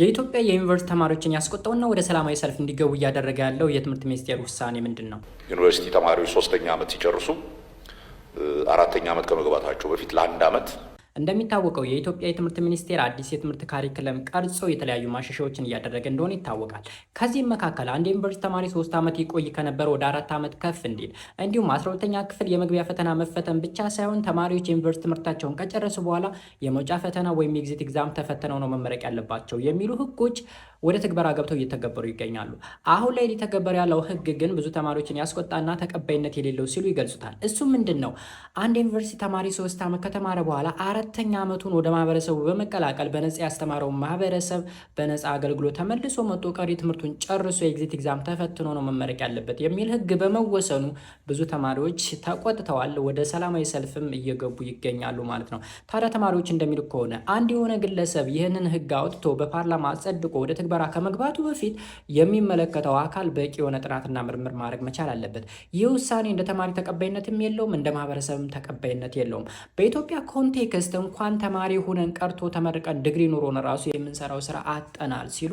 የኢትዮጵያ የዩኒቨርሲቲ ተማሪዎችን ያስቆጠውና ወደ ሰላማዊ ሰልፍ እንዲገቡ እያደረገ ያለው የትምህርት ሚኒስቴር ውሳኔ ምንድን ነው? ዩኒቨርሲቲ ተማሪዎች ሶስተኛ ዓመት ሲጨርሱ አራተኛ ዓመት ከመግባታቸው በፊት ለአንድ ዓመት እንደሚታወቀው የኢትዮጵያ የትምህርት ሚኒስቴር አዲስ የትምህርት ካሪክለም ቀርጾ የተለያዩ ማሻሻያዎችን እያደረገ እንደሆነ ይታወቃል። ከዚህም መካከል አንድ ዩኒቨርሲቲ ተማሪ ሶስት ዓመት ይቆይ ከነበረ ወደ አራት ዓመት ከፍ እንዲል እንዲሁም አስራ ሁለተኛ ክፍል የመግቢያ ፈተና መፈተን ብቻ ሳይሆን ተማሪዎች የዩኒቨርሲቲ ትምህርታቸውን ከጨረሱ በኋላ የመውጫ ፈተና ወይም ኤግዚት ኤግዛም ተፈተነው ነው መመረቅ ያለባቸው የሚሉ ህጎች ወደ ትግበራ ገብተው እየተገበሩ ይገኛሉ። አሁን ላይ ሊተገበር ያለው ህግ ግን ብዙ ተማሪዎችን ያስቆጣና ተቀባይነት የሌለው ሲሉ ይገልጹታል። እሱ ምንድን ነው? አንድ ዩኒቨርሲቲ ተማሪ ሶስት ዓመት ከተማረ በኋላ አራት አራተኛ ዓመቱን ወደ ማህበረሰቡ በመቀላቀል በነጻ ያስተማረውን ማህበረሰብ በነጻ አገልግሎት ተመልሶ መጥቶ ቀሪ ትምህርቱን ጨርሶ የኤግዚት ኤግዛም ተፈትኖ ነው መመረቅ ያለበት የሚል ህግ በመወሰኑ ብዙ ተማሪዎች ተቆጥተዋል። ወደ ሰላማዊ ሰልፍም እየገቡ ይገኛሉ ማለት ነው። ታዲያ ተማሪዎች እንደሚል ከሆነ አንድ የሆነ ግለሰብ ይህንን ህግ አውጥቶ በፓርላማ አጸድቆ ወደ ትግበራ ከመግባቱ በፊት የሚመለከተው አካል በቂ የሆነ ጥናትና ምርምር ማድረግ መቻል አለበት። ይህ ውሳኔ እንደ ተማሪ ተቀባይነትም የለውም፣ እንደ ማህበረሰብም ተቀባይነት የለውም። በኢትዮጵያ ኮንቴክስት እንኳን ተማሪ ሆነን ቀርቶ ተመርቀን ዲግሪ ኑሮን ራሱ የምንሰራው ስራ አጠናል ሲሉ